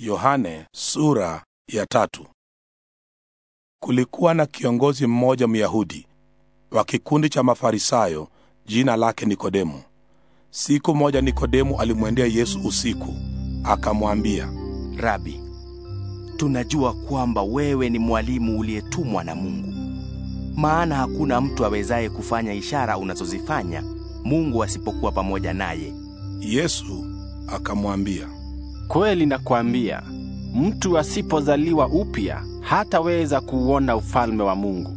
Yohane sura ya tatu. Kulikuwa na kiongozi mmoja Myahudi wa kikundi cha Mafarisayo, jina lake Nikodemu. Siku moja Nikodemu alimwendea Yesu usiku, akamwambia, Rabi, tunajua kwamba wewe ni mwalimu uliyetumwa na Mungu, maana hakuna mtu awezaye kufanya ishara unazozifanya Mungu asipokuwa pamoja naye. Yesu akamwambia Kweli nakwambia, mtu asipozaliwa upya hataweza kuuona ufalme wa Mungu.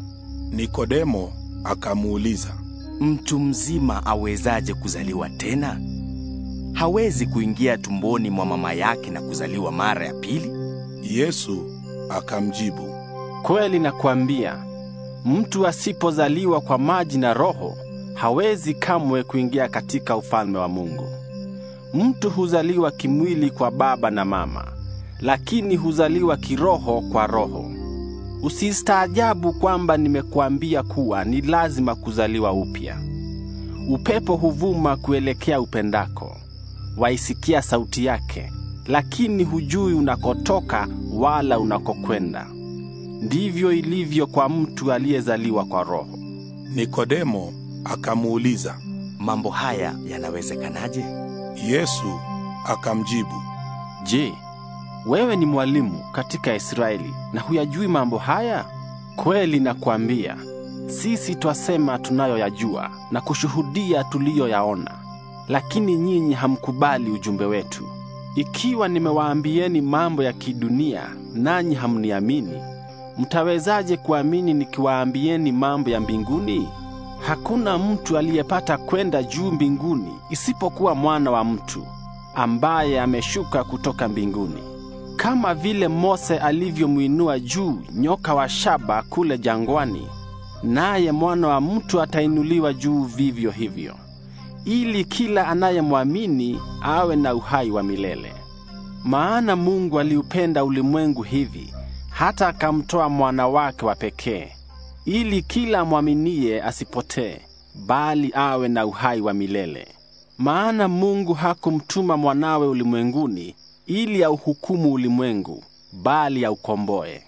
Nikodemo akamuuliza, mtu mzima awezaje kuzaliwa tena? Hawezi kuingia tumboni mwa mama yake na kuzaliwa mara ya pili? Yesu akamjibu, kweli nakwambia, mtu asipozaliwa kwa maji na Roho hawezi kamwe kuingia katika ufalme wa Mungu. Mtu huzaliwa kimwili kwa baba na mama, lakini huzaliwa kiroho kwa Roho. Usistaajabu kwamba nimekuambia kuwa ni lazima kuzaliwa upya. Upepo huvuma kuelekea upendako, waisikia sauti yake, lakini hujui unakotoka wala unakokwenda. Ndivyo ilivyo kwa mtu aliyezaliwa kwa Roho. Nikodemo akamuuliza, mambo haya yanawezekanaje? Yesu akamjibu, Je, wewe ni mwalimu katika Israeli na huyajui mambo haya? Kweli nakwambia, sisi twasema tunayoyajua na kushuhudia tuliyoyaona, lakini nyinyi hamkubali ujumbe wetu. Ikiwa nimewaambieni mambo ya kidunia nanyi hamniamini, mtawezaje kuamini nikiwaambieni mambo ya mbinguni? Hakuna mtu aliyepata kwenda juu mbinguni isipokuwa mwana wa mtu ambaye ameshuka kutoka mbinguni. Kama vile Mose alivyomwinua juu nyoka wa shaba kule jangwani, naye mwana wa mtu atainuliwa juu vivyo hivyo, ili kila anayemwamini awe na uhai wa milele. Maana Mungu aliupenda ulimwengu hivi hata akamtoa mwana wake wa pekee ili kila mwaminie asipotee, bali awe na uhai wa milele. Maana Mungu hakumtuma mwanawe ulimwenguni ili auhukumu ulimwengu, bali aukomboe.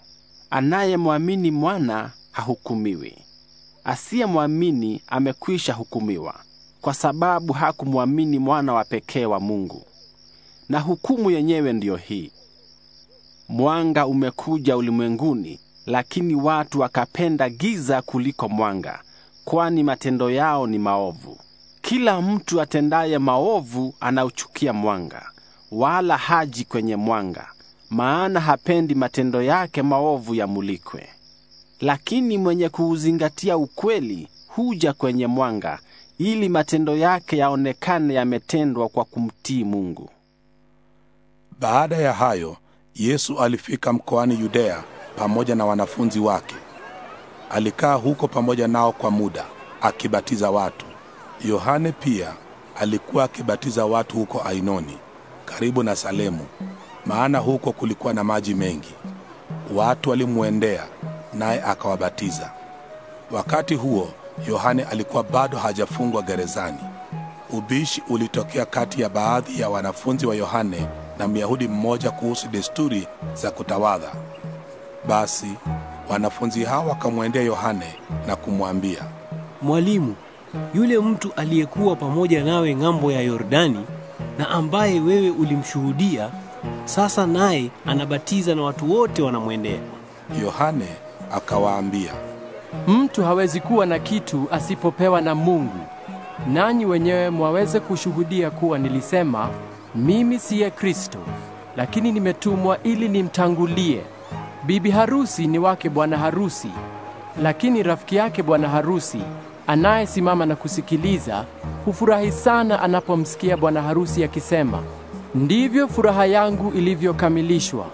Anayemwamini mwana hahukumiwi, asiyemwamini amekwisha hukumiwa, kwa sababu hakumwamini mwana wa pekee wa Mungu. Na hukumu yenyewe ndiyo hii: mwanga umekuja ulimwenguni lakini watu wakapenda giza kuliko mwanga, kwani matendo yao ni maovu. Kila mtu atendaye maovu anauchukia mwanga, wala haji kwenye mwanga, maana hapendi matendo yake maovu yamulikwe. Lakini mwenye kuuzingatia ukweli huja kwenye mwanga, ili matendo yake yaonekane yametendwa kwa kumtii Mungu. Baada ya hayo, Yesu alifika mkoani Yudea pamoja na wanafunzi wake. Alikaa huko pamoja nao kwa muda akibatiza watu. Yohane pia alikuwa akibatiza watu huko Ainoni karibu na Salemu, maana huko kulikuwa na maji mengi. Watu walimwendea naye akawabatiza. Wakati huo Yohane alikuwa bado hajafungwa gerezani. Ubishi ulitokea kati ya baadhi ya wanafunzi wa Yohane na Myahudi mmoja kuhusu desturi za kutawadha. Basi wanafunzi hawa wakamwendea Yohane na kumwambia, Mwalimu, yule mtu aliyekuwa pamoja nawe ng'ambo ya Yordani na ambaye wewe ulimshuhudia, sasa naye anabatiza na watu wote wanamwendea. Yohane akawaambia, mtu hawezi kuwa na kitu asipopewa na Mungu. Nanyi wenyewe mwaweze kushuhudia kuwa nilisema mimi siye Kristo, lakini nimetumwa ili nimtangulie. Bibi harusi ni wake bwana harusi, lakini rafiki yake bwana harusi anayesimama na kusikiliza hufurahi sana anapomsikia bwana harusi akisema, ndivyo furaha yangu ilivyokamilishwa.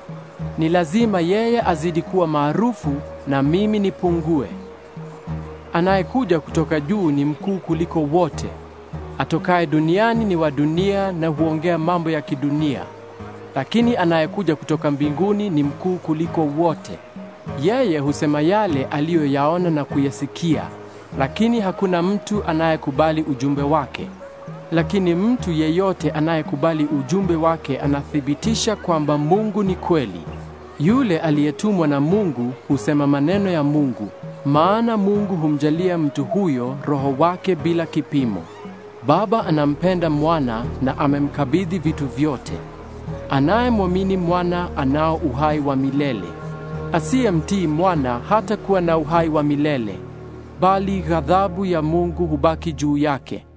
Ni lazima yeye azidi kuwa maarufu na mimi nipungue. Anayekuja kutoka juu ni mkuu kuliko wote. Atokaye duniani ni wa dunia na huongea mambo ya kidunia. Lakini anayekuja kutoka mbinguni ni mkuu kuliko wote. Yeye husema yale aliyoyaona na kuyasikia, lakini hakuna mtu anayekubali ujumbe wake. Lakini mtu yeyote anayekubali ujumbe wake anathibitisha kwamba Mungu ni kweli. Yule aliyetumwa na Mungu husema maneno ya Mungu, maana Mungu humjalia mtu huyo Roho wake bila kipimo. Baba anampenda mwana na amemkabidhi vitu vyote. Anayemwamini mwana anao uhai wa milele, asiyemtii mwana hatakuwa na uhai wa milele, bali ghadhabu ya Mungu hubaki juu yake.